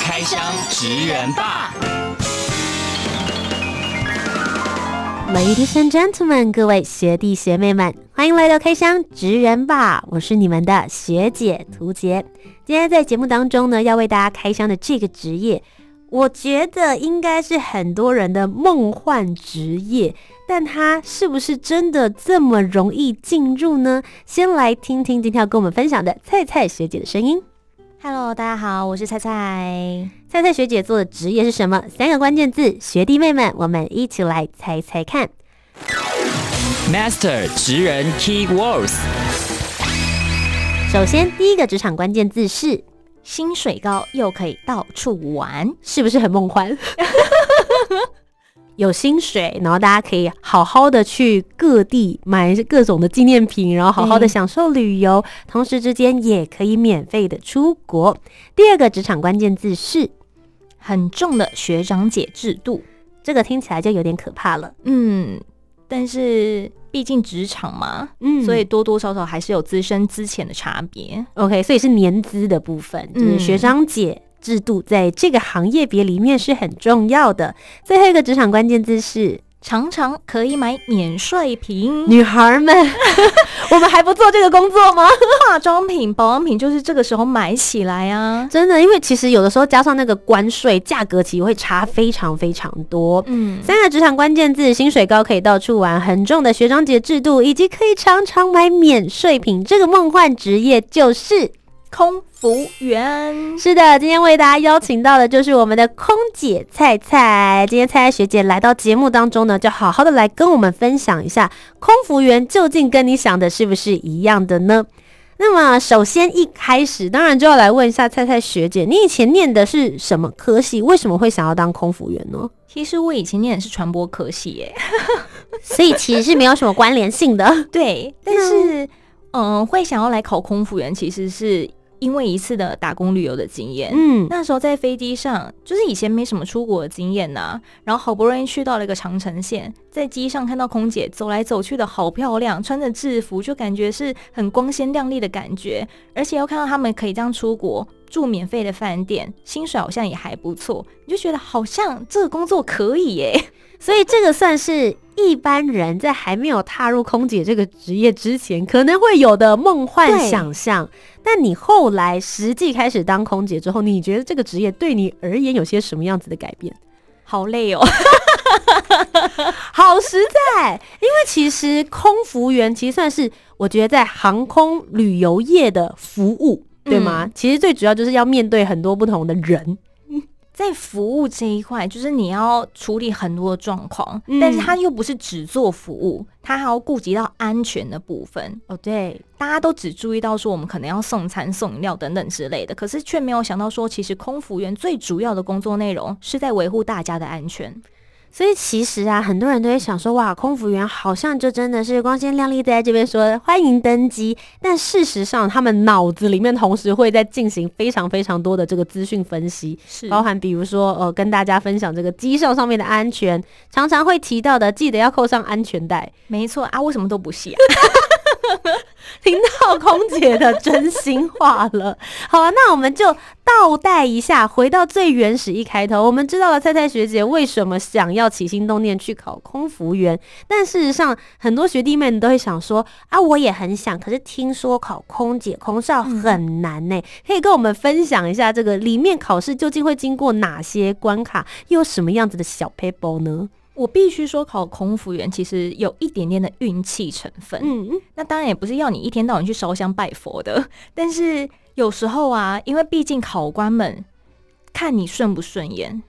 開箱職人吧，Ladies and Gentlemen，各位學弟學妹們，歡迎來到開箱職人吧！我是你們的學姐屠潔，今天在節目當中呢，要為大家開箱的這個職業，我覺得應該是很多人的夢幻職業，但它是不是真的這麼容易進入呢？先來聽聽今天要跟我們分享的菜菜學姐的聲音。哈嘍大家好，我是菜菜。菜菜學姐做的職業是什麼？三個關鍵字，學弟妹們，我們一起來猜猜看。Master，職人 Key Words。首先，第一個職場關鍵字是薪水高，又可以到處玩，是不是很夢幻？ 有薪水，然後大家可以好好的去各地買各種的紀念品，然後好好的享受旅遊，嗯，同時之間也可以免費的出國。第二個職場關鍵字是很重的學長姐制度，這個聽起來就有點可怕了。嗯，但是畢竟職場嘛，嗯，所以多多少少還是有資深資淺的差別。OK，所以是年資的部分，嗯，就是，學長姐。嗯制度在這個行業別裡面是很重要的。最後一個職場關鍵字是常常可以買免稅品，女孩們， 我們還不做這個工作嗎？ 化妝品、保養品就是這個時候買起來啊！真的，因為其實有的時候加上那個關稅，價格其實會差非常非常多。嗯，三個職場關鍵字：薪水高，可以到處玩，很重的學長姐制度，以及可以常常買免稅品。這個夢幻職業就是空。空服員。是的，今天為大家邀請到的就是我們的空姐菜菜。今天菜菜學姐來到節目當中呢，就好好的來跟我們分享一下空服員究竟跟你想的是不是一樣的呢？那麼首先一開始，當然就要來問一下菜菜學姐，你以前念的是什麼科系？為什麼會想要當空服員呢？其實我以前念的是傳播科系耶、欸， 所以其實是沒有什麼關聯性的。對，但是嗯，會想要來考空服員其實是因為一次的打工旅遊的經驗，嗯，那時候在飛機上，就是以前沒什麼出國的經驗吶、啊，然後好不容易去到了一個長程線，在機上看到空姐走來走去的好漂亮，穿着制服就感覺是很光鮮亮麗的感覺，而且又看到他們可以這樣出國住免費的飯店，薪水好像也還不錯，你就覺得好像這個工作可以耶、欸。所以這個算是一般人在還沒有踏入空姐這個職業之前可能會有的夢幻想象。那你後來實際開始當空姐之後，你覺得這個職業對你而言有些什麼樣子的改變？好累哦！ 好實在。因為其實空服員其實算是我覺得在航空旅遊業的服務、嗯，對嗎？其實最主要就是要面對很多不同的人。在服務這一塊，就是你要處理很多狀況，嗯，但是他又不是只做服務，他還要顧及到安全的部分。哦、oh，對，大家都只注意到說我們可能要送餐、送飲料等等之類的，可是卻沒有想到說，其實空服員最主要的工作內容是在維護大家的安全。所以其實啊，很多人都會想說，哇，空服員好像就真的是光鮮亮麗，在這邊說歡迎登機。但事實上，他們腦子裡面同時會在進行非常非常多的這個資訊分析，是包含比如說，呃，跟大家分享這個機上上面的安全，常常會提到的，記得要扣上安全帶。沒錯啊，為什麼都不繫啊？ 聽到空姐的真心話了，好啊，那我們就倒帶一下，回到最原始一開頭。我們知道了菜菜學姐為什麼想要起心動念去考空服員，但事實上很多學弟妹都會想說啊，我也很想，可是聽說考空姐、空少很難呢。可以跟我們分享一下這個裡面考試究竟會經過哪些關卡，又有什麼樣子的小撇步呢？我必須說，考空服員其實有一點點的運氣成分。嗯，那當然也不是要你一天到晚去燒香拜佛的。但是有時候啊，因為畢竟考官們看你順不順眼，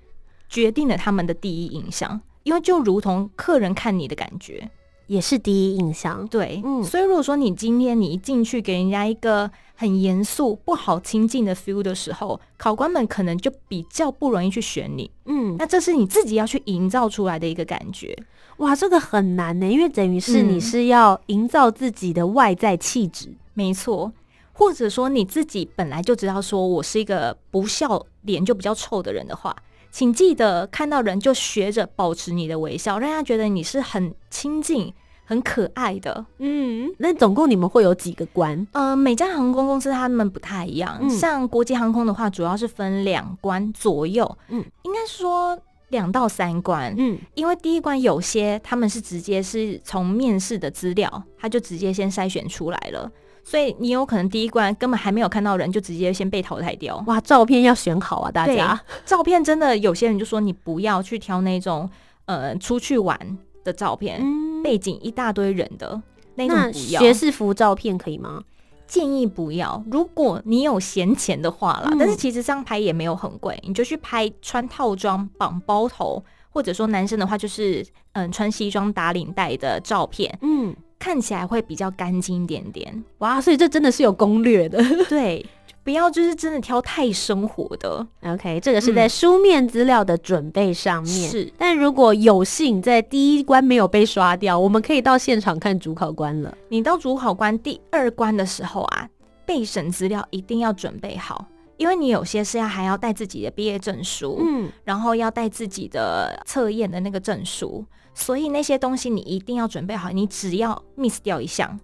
決定了他們的第一印象。因為就如同客人看你的感覺。也是第一印象，對，嗯，所以如果說你今天你一進去給人家一個很嚴肅、不好親近的 feel 的時候，考官們可能就比較不容易去選你，嗯，那這是你自己要去營造出來的一個感覺，哇，這個很難呢，因為等於是你是要營造自己的外在氣質、嗯，沒錯，或者說你自己本來就知道說我是一個不笑臉就比較臭的人的話。請記得看到人就學着保持你的微笑，讓他覺得你是很親近、很可愛的。嗯，那總共你們會有幾個關？呃，每家航空公司他們不太一樣。嗯，像國際航空的話，主要是分兩關左右。嗯，應該說兩到三關。嗯，因為第一關有些他們是直接是從面試的資料，他就直接先篩選出來了。所以你有可能第一關根本還沒有看到人，就直接先被淘汰掉。哇，照片要選好啊，大家。照片真的有些人就說你不要去挑那種呃出去玩的照片，嗯，背景一大堆人的那種不要。學士服照片可以嗎？建議不要。如果你有閒錢的話啦，嗯、但是其實這樣拍也沒有很貴，你就去拍穿套裝綁包頭，或者說男生的話就是嗯、呃、穿西裝打領帶的照片。嗯。看起來會比較乾淨一點點，哇！所以這真的是有攻略的， 對，不要就是真的挑太生活的。OK，這個是在書面資料的準備上面，嗯、是，但如果有幸在第一關沒有被刷掉，我們可以到現場看主考官了。你到主考官第二關的時候啊，備審資料一定要準備好。因為你有些是要還要帶自己的畢業證書，嗯，然後要帶自己的測驗的那個證書，所以那些東西你一定要準備好。你只要 miss 掉一項，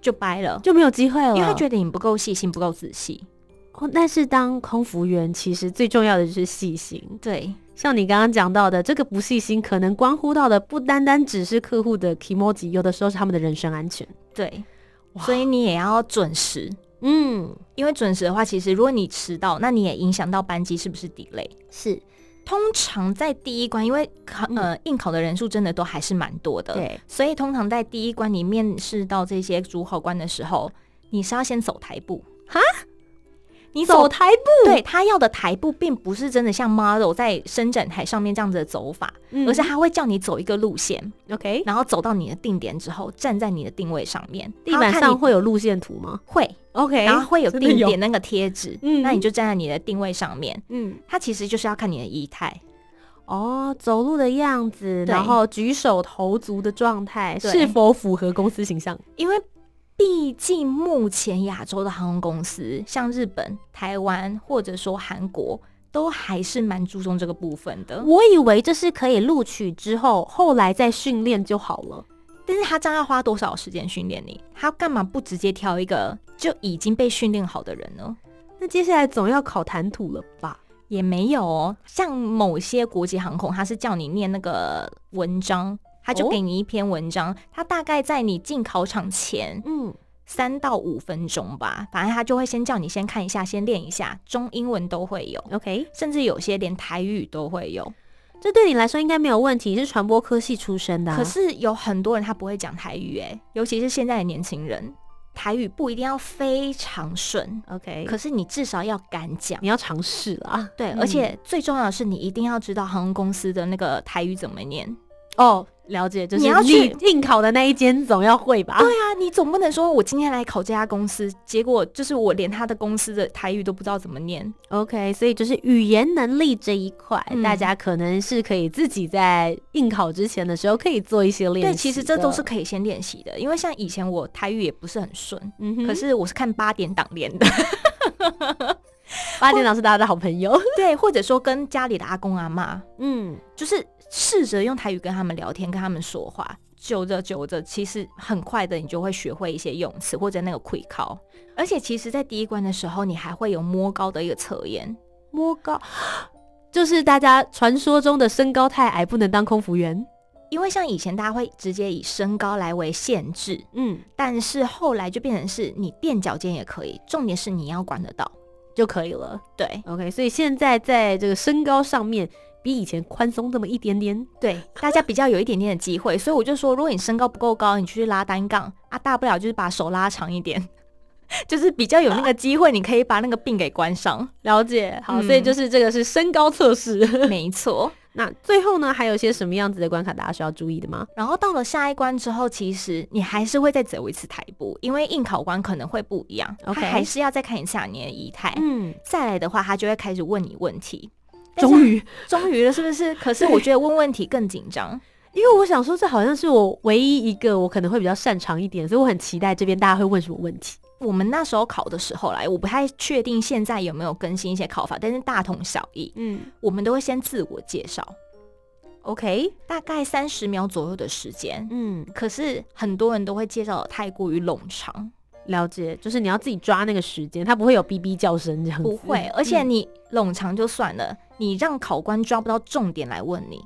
就掰了，就沒有機會了。因為他覺得你不夠細心，不夠仔細。哦，但是當空服員，其實最重要的就是細心。對，像你剛剛講到的，這個不細心，可能關乎到的不單單只是客戶的 kimoji，有的時候是他們的人身安全。對，wow，所以你也要準時。嗯，因為準時的話，其實如果你遲到，那你也影響到班機是不是 delay？是，通常在第一關，因為考、嗯、呃應考的人數真的都還是蠻多的，對，所以通常在第一關你面試到這些主考官的時候，你是要先走台步哈。你走台步，對，他要的台步並不是真的像 model 在伸展台上面這樣子的走法，嗯，而是他會叫你走一個路線，OK，然後走到你的定點之後，站在你的定位上面。地板上會有路線圖嗎？會，OK，然後會有定點那個貼紙，嗯，那你就站在你的定位上面，嗯，他其實就是要看你的儀態，嗯、哦，走路的樣子，然後舉手投足的狀態是，是否符合公司形象，因為。畢竟目前亞洲的航空公司，像日本、台灣或者說韓國，都還是蠻注重這個部分的。我以為這是可以錄取之後，後來再訓練就好了。但是他這樣要花多少時間訓練你？他幹嘛不直接挑一個就已經被訓練好的人呢？那接下來總要考談吐了吧？也沒有哦，像某些國際航空，他是叫你念那個文章。他就給你一篇文章，哦、他大概在你進考場前，嗯，三到五分鐘吧，反正他就會先叫你先看一下，先練一下，中英文都會有，OK，甚至有些連台語都會有。這對你來說應該沒有問題，是傳播科系出身的、啊。可是有很多人他不會講台語哎、欸，尤其是現在的年輕人，台語不一定要非常順，OK，可是你至少要敢講，你要嘗試了啊。對、嗯，而且最重要的是，你一定要知道航空公司的那個台語怎麼念哦。了解，就是你要去應考的那一間總要會吧？對啊，你總不能說我今天來考這家公司，結果就是我連他的公司的台語都不知道怎麼念。OK，所以就是語言能力這一塊、嗯，大家可能是可以自己在應考之前的時候可以做一些練習。對，其實這都是可以先練習的，因為像以前我台語也不是很順、嗯，可是我是看八點檔練的， 八點檔是大家的好朋友。對，或者說跟家裡的阿公阿媽，嗯，就是。試着用台語跟他們聊天，跟他們說話，久着久着，其實很快的，你就會學會一些用詞或者那個氣口。而且其實，在第一關的時候，你還會有摸高的一個測驗。摸高， 就是大家傳說中的身高太矮不能當空服員，因為像以前大家會直接以身高來為限制，嗯，但是後來就變成是你墊腳尖也可以，重點是你要管得到就可以了。對，OK，所以現在在這個身高上面。比以前寬鬆這麼一點點，對，大家比較有一點點的機會。啊，所以我就說，如果你身高不夠高，你去拉單槓啊，大不了就是把手拉長一點，就是比較有那個機會，你可以把那個病給關上。了解，好，嗯、所以就是這個是身高測試，沒錯。那最後呢，還有些什麼樣子的關卡大家需要注意的嗎？然後到了下一關之後，其實你還是會再走一次台步，因為應考官可能會不一樣。okay，他還是要再看一下你的儀態。嗯，再來的話，他就會開始問你問題。終於，終於了，是不是？可是我覺得問問題更緊張，因為我想說，這好像是我唯一一個我可能會比較擅長一點，所以我很期待這邊大家會問什麼問題。我們那時候考的時候來，我不太確定現在有沒有更新一些考法，但是大同小異。嗯，我們都會先自我介紹，OK，大概三十秒左右的時間。嗯，可是很多人都會介紹得太過於冗長。了解，就是你要自己抓那個時間，他不會有嗶嗶叫聲這樣子。不會，而且你冗長就算了，嗯，你讓考官抓不到重點來問你。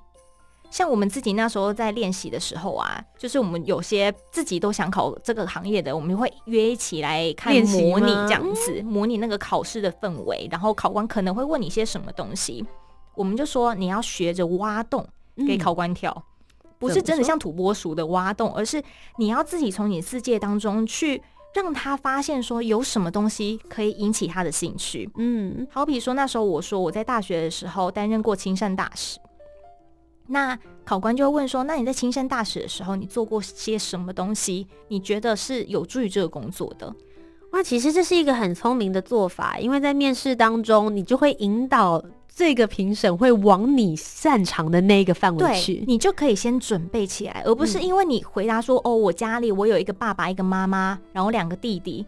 像我們自己那時候在練習的時候啊，就是我們有些自己都想考這個行業的，我們會約一起來看模擬這樣子，模擬那個考試的氛圍。然後考官可能會問你些什麼東西，我們就說，你要學着挖洞給考官跳，嗯、不是真的像土撥鼠的挖洞，嗯，而是你要自己從你世界當中去。讓他發現說有什麼東西可以引起他的興趣，嗯，好比說那時候我說我在大學的時候擔任過親善大使，那考官就會問說，那你在親善大使的時候，你做過些什麼東西？你覺得是有助於這個工作的？哇，其實這是一個很聰明的做法，因為在面試當中，你就會引導。這個評審會往你擅長的那一個範圍去，你就可以先準備起來，而不是因為你回答說：“嗯、哦，我家裡我有一個爸爸，一個媽媽，然後兩個弟弟。”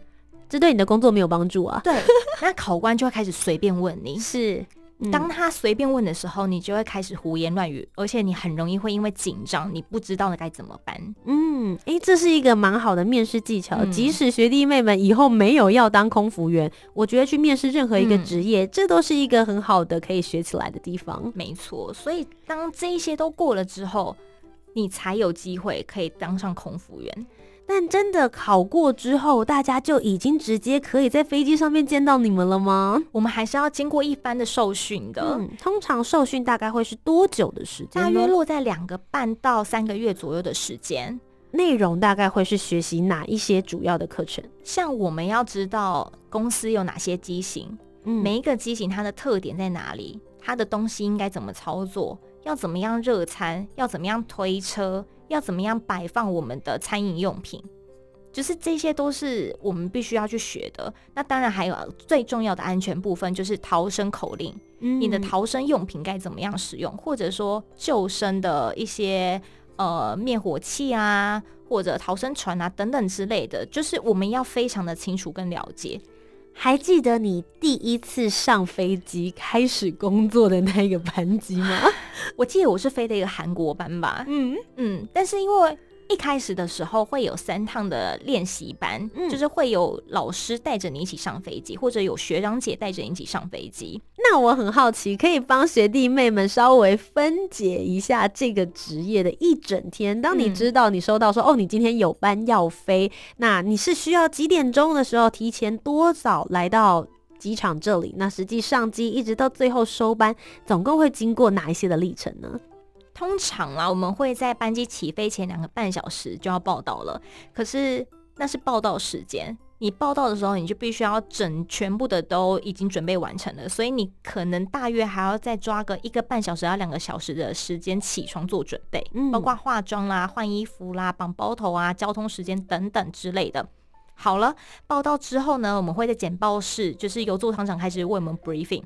這對你的工作沒有幫助啊。對， 那考官就會開始隨便問你。是。嗯，當他隨便問的時候，你就會開始胡言亂語，而且你很容易會因為緊張，你不知道該怎麼辦。嗯，誒，欸，這是一個蠻好的面試技巧，嗯。即使學弟妹們以後沒有要當空服員，我覺得去面試任何一個職業，嗯，這都是一個很好的可以學起來的地方。沒錯，所以當這些都過了之後，你才有機會可以當上空服員。但真的考過之後，大家就已經直接可以在飛機上面見到你們了嗎？我們還是要經過一番的受訓的。嗯，通常受訓大概會是多久的時間？大約落在兩個半到三個月左右的時間。內容大概會是學習哪一些主要的課程？像我們要知道公司有哪些機型，嗯，每一個機型它的特點在哪裡，它的東西應該怎麼操作。要怎麼樣熱餐？要怎麼樣推車？要怎麼樣擺放我們的餐飲用品？就是這些都是我們必須要去學的。那當然還有最重要的安全部分，就是逃生口令。嗯，你的逃生用品該怎麼樣使用？或者說救生的一些呃滅火器啊，或者逃生船啊等等之類的，就是我們要非常的清楚跟了解。還記得你第一次上飛機開始工作的那個班機嗎？啊，我記得我是飛的一個韓國班吧。嗯嗯，但是因為。一開始的時候會有三趟的練習班，嗯，就是會有老師帶着你一起上飛機，或者有學長姐帶着你一起上飛機。那我很好奇，可以幫學弟妹們稍微分解一下這個職業的一整天。當你知道，嗯，你收到說哦，你今天有班要飛，那你是需要幾點鐘的時候提前多早來到機場這裡？那實際上機一直到最後收班，總共會經過哪一些的歷程呢？通常啦，我們會在班機起飛前兩個半小時就要報道報到了。可是那是報到時間，你報到的時候你就必須要整全部的都已經準備完成了，所以你可能大約還要再抓個一個半小時到兩個小時的時間起床做準備，嗯、包括化妝啦、換衣服啦、綁包頭啊、交通時間等等之類的。好了，報到之後呢，我們會在簡報室，就是由座艙長開始為我們 briefing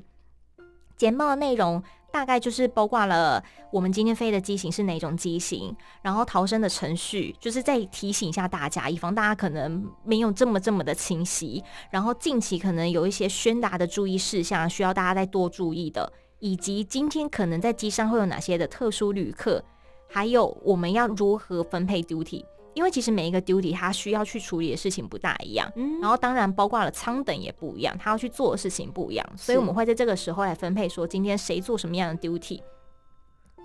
簡報的內容。大概就是包括了我們今天飛的機型是哪種機型，然後逃生的程序，就是再提醒一下大家，以防大家可能沒有這麼這麼的清晰。然後近期可能有一些宣達的注意事項需要大家再多注意的，以及今天可能在機上會有哪些的特殊旅客，還有我們要如何分配 duty。因為其實每一個 duty 他需要去處理的事情不大一樣，嗯，然後當然包括了艙等也不一樣，他要去做的事情不一樣，所以我們會在這個時候來分配說今天誰做什麼樣的 duty。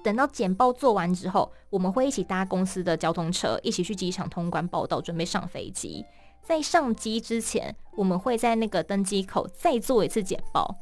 等到簡報做完之後，我們會一起搭公司的交通車，一起去機場通關報到，準備上飛機。在上機之前，我們會在那個登機口再做一次簡報，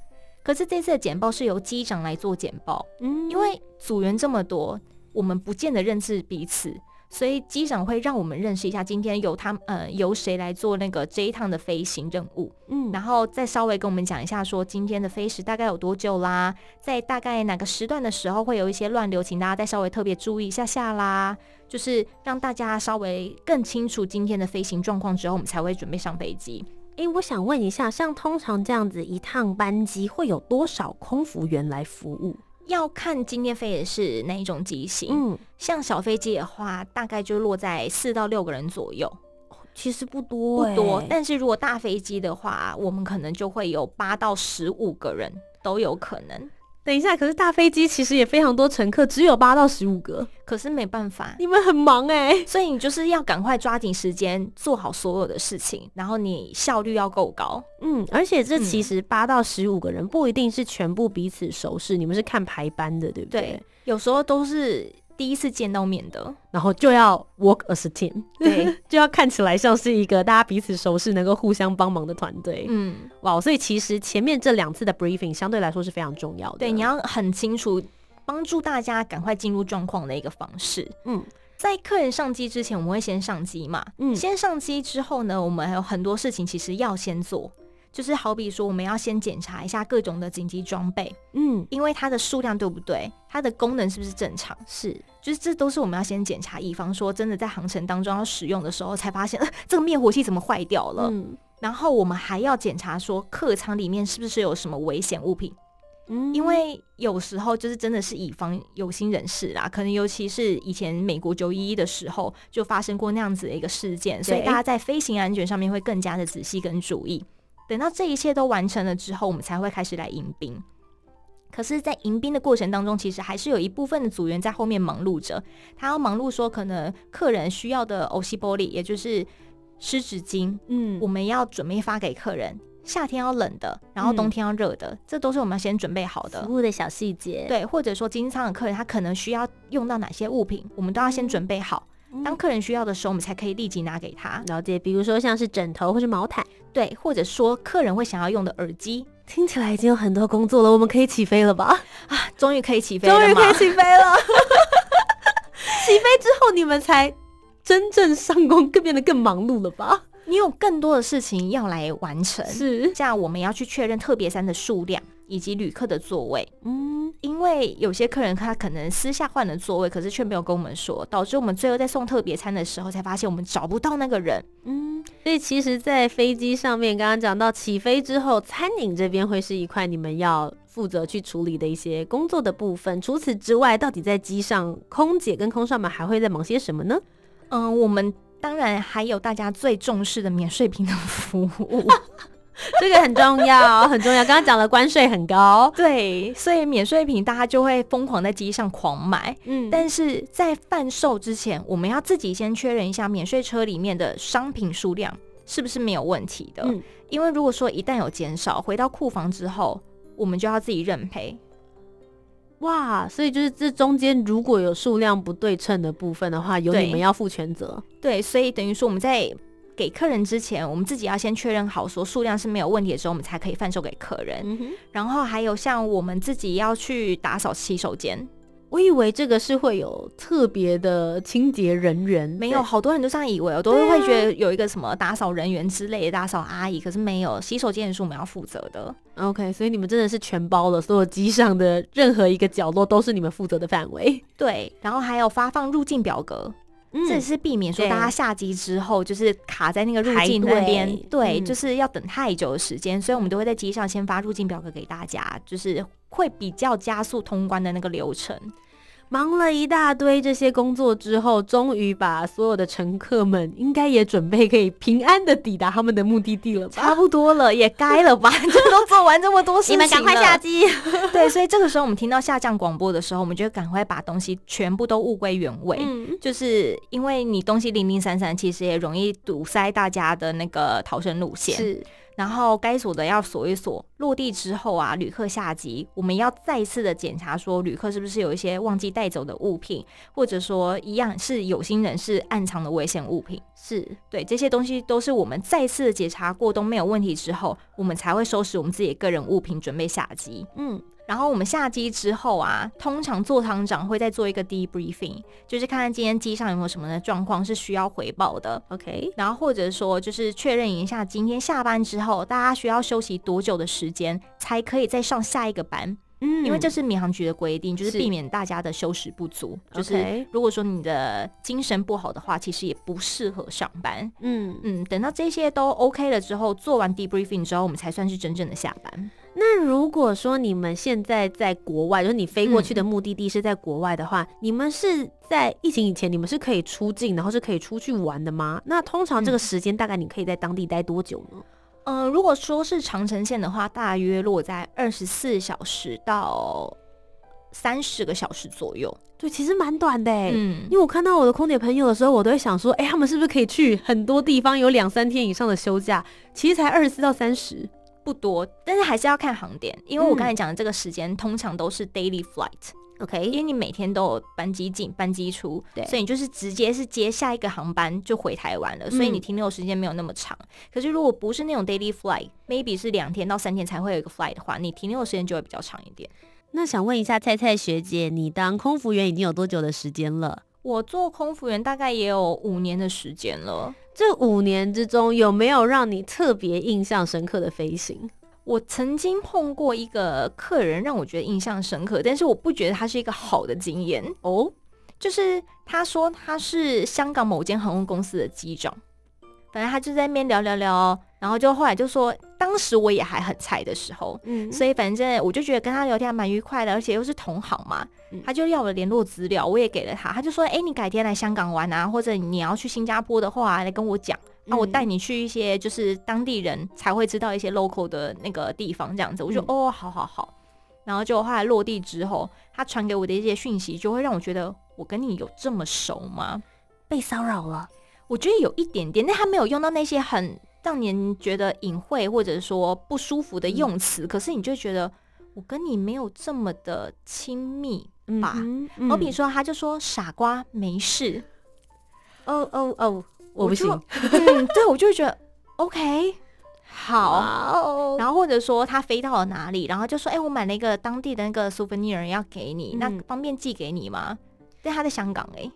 可是這次的簡報是由機長來做簡報，嗯，因為組員這麼多，我們不見得認識彼此。所以機長會讓我們認識一下，今天由他呃、由誰來做那個這一趟的飛行任務，嗯，然後再稍微跟我們講一下，說今天的飛時大概有多久啦，在大概哪個時段的時候會有一些亂流，請大家再稍微特別注意一下下啦，就是讓大家稍微更清楚今天的飛行狀況之後，我們才會準備上飛機。誒、欸，我想問一下，像通常這樣子一趟班機會有多少空服員來服務？要看今天飛的是哪一種機型，嗯，像小飛機的話，大概就落在四到六個人左右，其實不多不多。但是如果大飛機的話，我們可能就會有八到十五個人都有可能。等一下，可是大飛機其實也非常多乘客，只有八到十五個，可是沒辦法，你們很忙誒、欸，所以你就是要趕快抓緊時間做好所有的事情，然後你效率要夠高。嗯，而且這其實八到十五個人、嗯、不一定是全部彼此熟識，你們是看排班的，對不對？對，有時候都是。第一次見到面的，然後就要 work as a team，對， 就要看起來像是一個大家彼此熟識、能夠互相幫忙的團隊。嗯，哇、wow，所以其實前面這兩次的 briefing 相對來說是非常重要的。對，你要很清楚幫助大家趕快進入狀況的一個方式。嗯，在客人上機之前，我們會先上機嘛？嗯，先上機之後呢，我們還有很多事情其實要先做。就是好比說，我們要先檢查一下各種的緊急裝備，嗯，因為它的數量對不對，它的功能是不是正常，是，就是這都是我們要先檢查，以防說真的在航程當中要使用的時候才發現，呃，這個滅火器怎麼壞掉了，嗯。然後我們還要檢查說，客艙裡面是不是有什麼危險物品，嗯，因為有時候就是真的是以防有心人士啦，可能尤其是以前美國九一一的時候就發生過那樣子的一個事件，所以大家在飛行安全上面會更加的仔細跟注意。等到這一切都完成了之後，我們才會開始來迎賓。可是，在迎賓的過程當中，其實還是有一部分的組員在後面忙碌着。他要忙碌說，可能客人需要的歐西玻璃，也就是濕紙巾，嗯，我們要準備發給客人。夏天要冷的，然後冬天要熱的，嗯，這都是我們要先準備好的服務的小細節。對，或者說，經濟艙的客人他可能需要用到哪些物品，我們都要先準備好。當客人需要的時候，我們才可以立即拿給他。了解，比如說像是枕頭或是毛毯。對，或者說，客人會想要用的耳機，聽起來已經有很多工作了。我們可以起飛了吧？啊，終於可以起飛了，終於可以起飛了！ 起飛之後，你們才真正上工，更變得更忙碌了吧？你有更多的事情要來完成，是。這樣，我們要去確認特別餐的數量以及旅客的座位，嗯。因為有些客人他可能私下換了座位，可是卻沒有跟我們說，導致我們最後在送特別餐的時候才發現我們找不到那個人。嗯，所以其實，在飛機上面，剛剛講到起飛之後，餐飲這邊會是一塊你們要負責去處理的一些工作的部分。除此之外，到底在機上，空姐跟空少們還會在忙些什麼呢？嗯、呃，我們當然還有大家最重視的免稅品的服務。 這個很重要，很重要。剛剛講了關稅很高，對，所以免稅品大家就會瘋狂在機上狂買，嗯。但是在販售之前，我們要自己先確認一下免稅車裡面的商品數量是不是沒有問題的。嗯，因為如果說一旦有減少，回到庫房之後，我們就要自己認賠。哇，所以就是這中間如果有數量不對稱的部分的話，由你們要負全責。對，對，所以等於說我們在，給客人之前，我們自己要先確認好，說數量是沒有問題的時候，我們才可以販售給客人。嗯。然後還有像我們自己要去打掃洗手間，我以為這個是會有特別的清潔人員，沒有，好多人都這樣以為，我都會覺得有一個什麼打掃人員之類的打掃阿姨，啊，可是沒有，洗手間也是我們要負責的。OK，所以你們真的是全包了，所有機上的任何一個角落都是你們負責的範圍。對，然後還有發放入境表格。嗯，這也是避免說大家下機之後就是卡在那個入境那邊，對，就是要等太久的時間，嗯，所以我們都會在機上先發入境表格給大家，就是會比較加速通關的那個流程。忙了一大堆這些工作之後，終於把所有的乘客們應該也準備可以平安的抵達他們的目的地了吧？差不多了，也該了吧？ 就都做完這麼多事情了，你們趕快下機。 對，所以這個時候我們聽到下降廣播的時候，我們就趕快把東西全部都物歸原位，嗯。就是因為你東西零零散散，其實也容易堵塞大家的那個逃生路線。是。然後該鎖的要鎖一鎖，落地之後啊，旅客下機，我們要再次的檢查，說旅客是不是有一些忘記帶走的物品，或者說一樣是有心人士暗藏的危險物品，是對這些東西都是我們再次的檢查過都沒有問題之後，我們才會收拾我們自己的個人物品準備下機。嗯。然後我們下機之後啊，通常座艙長會再做一個 debriefing，就是看看今天機上有沒有什麼的狀況是需要回報的，OK？然後或者說就是確認一下今天下班之後大家需要休息多久的時間才可以再上下一個班，嗯，因為這是民航局的規定，就是避免大家的休息不足，就是如果說你的精神不好的話，其實也不適合上班，嗯嗯。等到這些都 OK 了之後，做完 debriefing 之後，我們才算是真正的下班。那如果說你們現在在國外，就是你飛過去的目的地是在國外的話、嗯，你們是在疫情以前，你們是可以出境，然後是可以出去玩的嗎？那通常這個時間大概你可以在當地待多久呢？嗯，呃、如果說是長程線的話，大約落在二十四小時到三十個小時左右。對，其實蠻短的。嗯，因為我看到我的空姐朋友的時候，我都會想說，哎、欸，他們是不是可以去很多地方，有兩三天以上的休假？其實才二十四到三十。不多，但是還是要看航點，因為我剛才講的這個時間通常都是 daily flight，OK，嗯、因為你每天都有班機進班機出，對，所以你就是直接是接下一個航班就回台灣了，所以你停留的時間沒有那麼長、嗯。可是如果不是那種 daily flight，maybe 是兩天到三天才會有一個 flight 的話，你停留的時間就會比較長一點。那想問一下菜菜學姐，你當空服員已經有多久的時間了？我做空服員大概也有五年的時間了。這五年之中，有沒有讓你特別印象深刻的飛行？我曾經碰過一個客人，讓我覺得印象深刻，但是我不覺得他是一個好的經驗哦。就是他說他是香港某間航空公司的機長。然後他就在那邊聊聊聊，然後就後來就說，當時我也還很菜的時候，嗯，所以反正我就覺得跟他聊天還蠻愉快的，而且又是同行嘛，嗯、他就要我的聯絡資料，我也給了他，他就說，哎、欸，你改天來香港玩啊，或者你要去新加坡的話來跟我講，那、嗯啊、我帶你去一些就是當地人才會知道一些 local 的那個地方這樣子，我就、嗯、哦，好好好，然後就後來落地之後，他傳給我的一些訊息就會讓我覺得，我跟你有這麼熟嗎？被騷擾了。我覺得有一點點，那他沒有用到那些很讓您覺得隱晦或者說不舒服的用詞、嗯，可是你就覺得我跟你沒有這麼的親密吧？我比如說，他就說傻瓜沒事，哦哦哦，我不行，嗯、 對我就覺得 OK 好，好，然後或者說他飛到了哪裡，然後就說哎、欸，我買了一個當地的那個 souvenir 要給你，那方便寄給你嗎？但、嗯、他在香港哎、欸。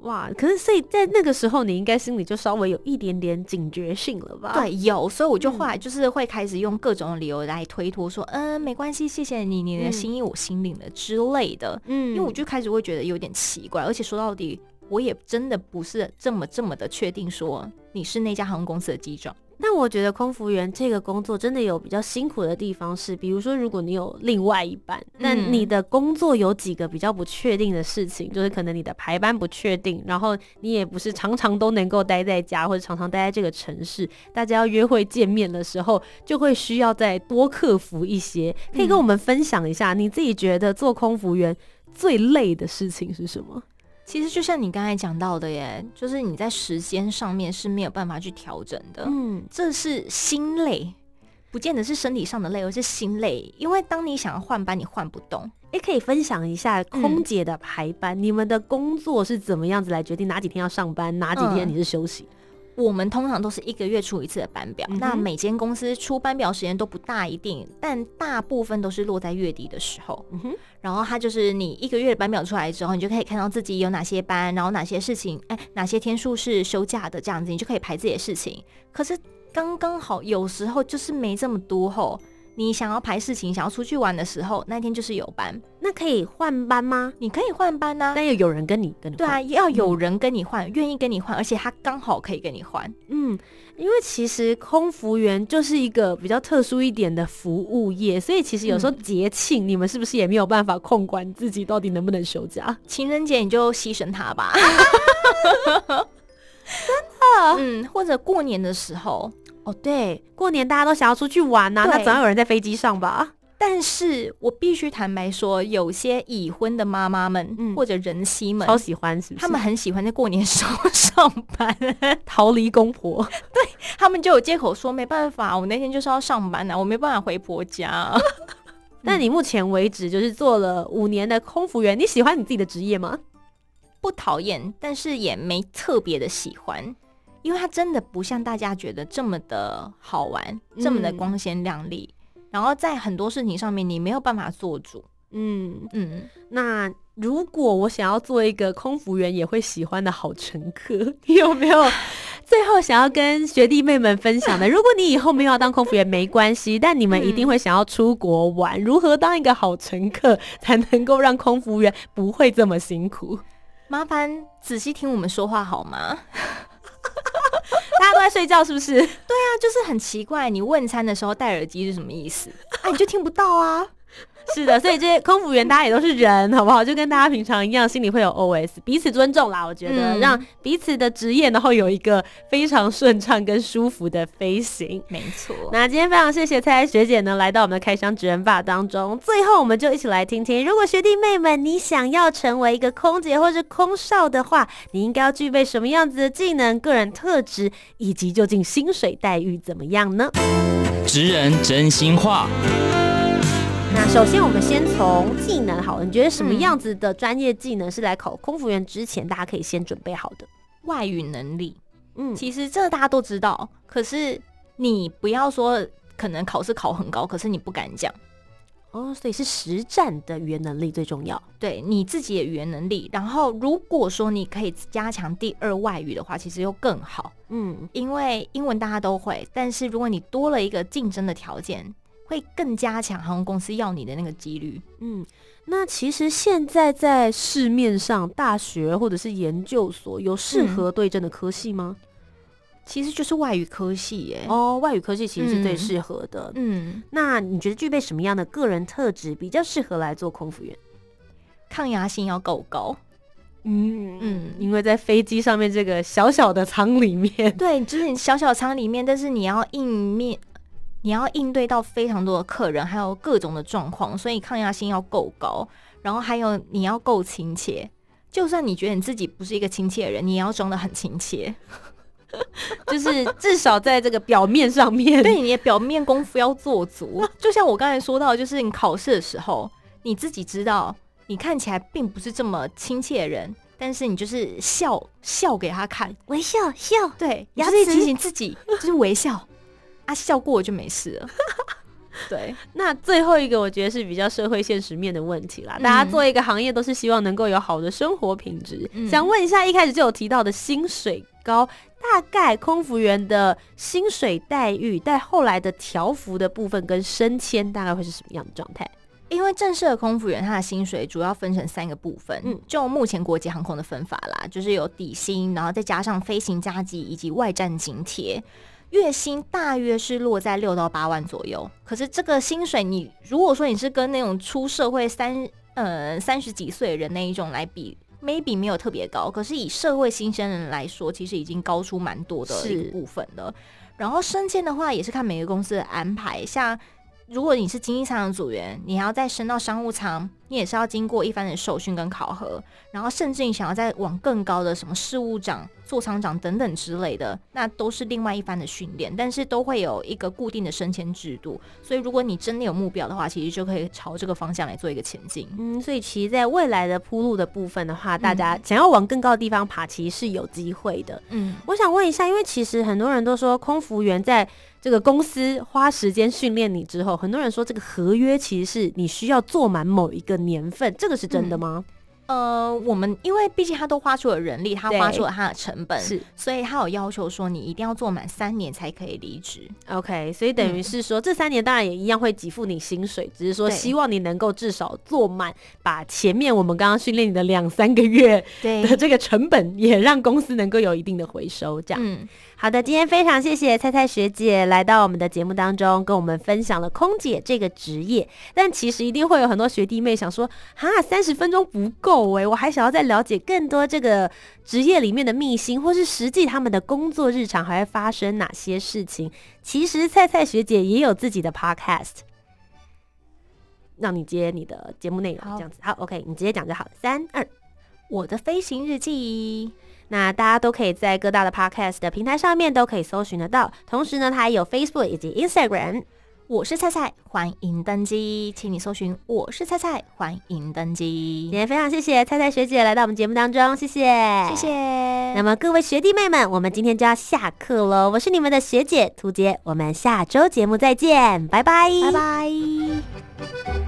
哇，可是所以在那個時候，你應該心裡就稍微有一點點警覺性了吧？對，有，所以我就後來就是會開始用各種理由來推脫，說，嗯，嗯，沒關係，謝謝你，你的心意我心領了之類的。嗯，因為我就開始會覺得有點奇怪，而且說到底，我也真的不是這麼這麼的確定，說你是那家航空公司的機長。那我覺得空服員這個工作真的有比較辛苦的地方是，是比如說如果你有另外一半，那、嗯、你的工作有幾個比較不確定的事情，就是可能你的排班不確定，然後你也不是常常都能夠待在家，或者常常待在這個城市，大家要約會見面的時候，就會需要再多克服一些。可以跟我們分享一下、嗯，你自己覺得做空服員最累的事情是什麼？其實就像你剛才講到的耶，就是你在時間上面是沒有辦法去調整的。嗯，這是心累，不見得是身體上的累，而是心累。因為當你想要換班，你換不動。也、欸，可以分享一下空姐的排班，嗯，你們的工作是怎麼樣子來決定哪幾天要上班，哪幾天你是休息？嗯我們通常都是一個月出一次的班表，嗯，那每間公司出班表時間都不大一定，但大部分都是落在月底的時候。嗯，然後它就是你一個月的班表出來之後，你就可以看到自己有哪些班，然後哪些事情，哎，哪些天數是休假的，這樣子，你就可以排自己的事情。可是剛剛好，有時候就是沒這麼多吼你想要排事情，想要出去玩的時候，那天就是有班，那可以換班嗎？你可以換班呢、啊、但要有人跟你跟你換，對啊，要有人跟你換，願、嗯、意跟你換，而且他剛好可以跟你換，嗯，因為其實空服員就是一個比較特殊一點的服務業，所以其實有時候節慶、嗯，你們是不是也沒有辦法控管自己到底能不能休假？情人節你就犧牲他吧， 真的，嗯，或者過年的時候。哦，對，過年大家都想要出去玩吶、啊，那總要有人在飛機上吧？但是我必須坦白說，有些已婚的媽媽們、嗯、或者人妻們超喜歡是是，是他們很喜歡在過年時候上班， 逃離公婆。 對他們就有借口說，沒辦法，我那天就是要上班呢、啊，我沒辦法回婆家、啊。那、嗯、你目前為止就是做了五年的空服員，你喜歡你自己的職業嗎？不討厭，但是也沒特別的喜歡。因為他真的不像大家覺得這麼的好玩，嗯、這麼的光鮮亮麗。然後在很多事情上面，你沒有辦法做主。嗯嗯。那如果我想要做一個空服員也會喜歡的好乘客，你有沒有最後想要跟學弟妹們分享的？ 如果你以後沒有要當空服員沒關係，但你們一定會想要出國玩。嗯、如何當一個好乘客才能夠讓空服員不會這麼辛苦？麻煩仔細聽我們說話好嗎？都在睡覺是不是？對啊，就是很奇怪。你問餐的時候戴耳機是什麼意思？哎、 啊，你就聽不到啊。 是的，所以這些空服員大家也都是人，好不好？就跟大家平常一樣，心裡會有 O S，彼此尊重啦。我覺得、嗯、讓彼此的職業然後有一個非常順暢跟舒服的飛行。沒錯。那今天非常謝謝菜菜學姐呢，來到我們的開箱職人吧當中。最後，我們就一起來聽聽，如果學弟妹們你想要成為一個空姐或是空少的話，你應該要具備什麼樣子的技能、個人特質，以及究竟薪水待遇怎麼樣呢？職人真心話。那首先，我們先從技能好，你覺得什麼樣子的專業技能是來考空服員之前，大家可以先準備好的？外語能力。嗯，其實這大家都知道，可是你不要說可能考試考很高，可是你不敢講。哦，所以是實戰的語言能力最重要。對你自己的語言能力，然後如果說你可以加強第二外語的話，其實又更好。嗯，因為英文大家都會，但是如果你多了一個競爭的條件。會更加強航空公司要你的那個幾率。嗯，那其實現在在市面上，大學或者是研究所有適合對症的科系嗎？嗯，其實就是外語科系耶。哦，外語科系其實是最適合的。嗯，那你覺得具備什麼樣的個人特質比較適合來做空服員？抗壓性要夠高。嗯嗯，因為在飛機上面這個小小的艙裡面，對，就是你小小艙裡面， 但是你要硬面。你要應對到非常多的客人，還有各種的狀況，所以抗壓性要夠高。然後還有你要夠親切，就算你覺得你自己不是一個親切的人，你也要裝得很親切， 就是至少在這個表面上面 對你的表面功夫要做足。就像我剛才說到，就是你考試的時候，你自己知道你看起來並不是這麼親切的人，但是你就是笑笑給他看，微笑笑，對，你就是提醒自己，就是微笑。他，啊，笑過我就沒事了。 對，那最後一個我覺得是比較社會現實面的問題啦。嗯、大家做一個行業都是希望能夠有好的生活品質，嗯。想問一下，一開始就有提到的薪水高，大概空服員的薪水待遇，在後來的調服的部分跟升遷，大概會是什麼樣的狀態？因為正式的空服員他的薪水主要分成三個部分，嗯，就目前國際航空的分法啦，就是有底薪，然後再加上飛行加級以及外站津貼。月薪大約是落在六到八萬左右，可是這個薪水你如果說你是跟那種出社會三呃三十幾歲人那一種來比，maybe 沒有特別高，可是以社會新鮮人來說，其實已經高出蠻多的一個部分了。然後升遷的話也是看每個公司的安排，像如果你是經濟艙的組員，你還要再升到商務艙。你也是要經過一番的受訓跟考核，然後甚至你想要再往更高的什麼事務長、座艙長等等之類的，那都是另外一番的訓練，但是都會有一個固定的升遷制度。所以如果你真的有目標的話，其實就可以朝這個方向來做一個前進。嗯，所以其實，在未來的鋪路的部分的話，大家想要往更高的地方爬，其實是有機會的。嗯，我想問一下，因為其實很多人都說，空服員在這個公司花時間訓練你之後，很多人說這個合約其實是你需要做滿某一個。年份，這個是真的嗎？嗯、呃，我們因為畢竟他都花出了人力，他花出了他的成本，是，所以他有要求說你一定要做滿三年才可以離職。OK，所以等於是說、嗯、這三年當然也一樣會給付你薪水，只是說希望你能夠至少做滿，把前面我們剛剛訓練你的兩三個月的這個成本，也讓公司能夠有一定的回收，這樣。嗯好的，今天非常謝謝菜菜學姐來到我們的節目當中，跟我們分享了空姐這個職業。但其實一定會有很多學弟妹想說，哈，三十分鐘不夠誒！我還想要再了解更多這個職業裡面的秘辛，或是實際他們的工作日常還會發生哪些事情。其實菜菜學姐也有自己的 podcast，讓你接你的節目內容這樣子。好，OK，你直接講就好。三二，我的飛行日記。那大家都可以在各大的 Podcast 的平台上面都可以搜尋得到，同時呢，它還有 Facebook 以及 Instagram。我是菜菜，歡迎登機，請你搜尋我是菜菜，歡迎登機。今天非常謝謝菜菜學姐來到我們節目當中，謝謝謝謝。那麼各位學弟妹們，我們今天就要下課嘍。我是你們的學姐屠潔，我們下周節目再見，拜拜拜拜。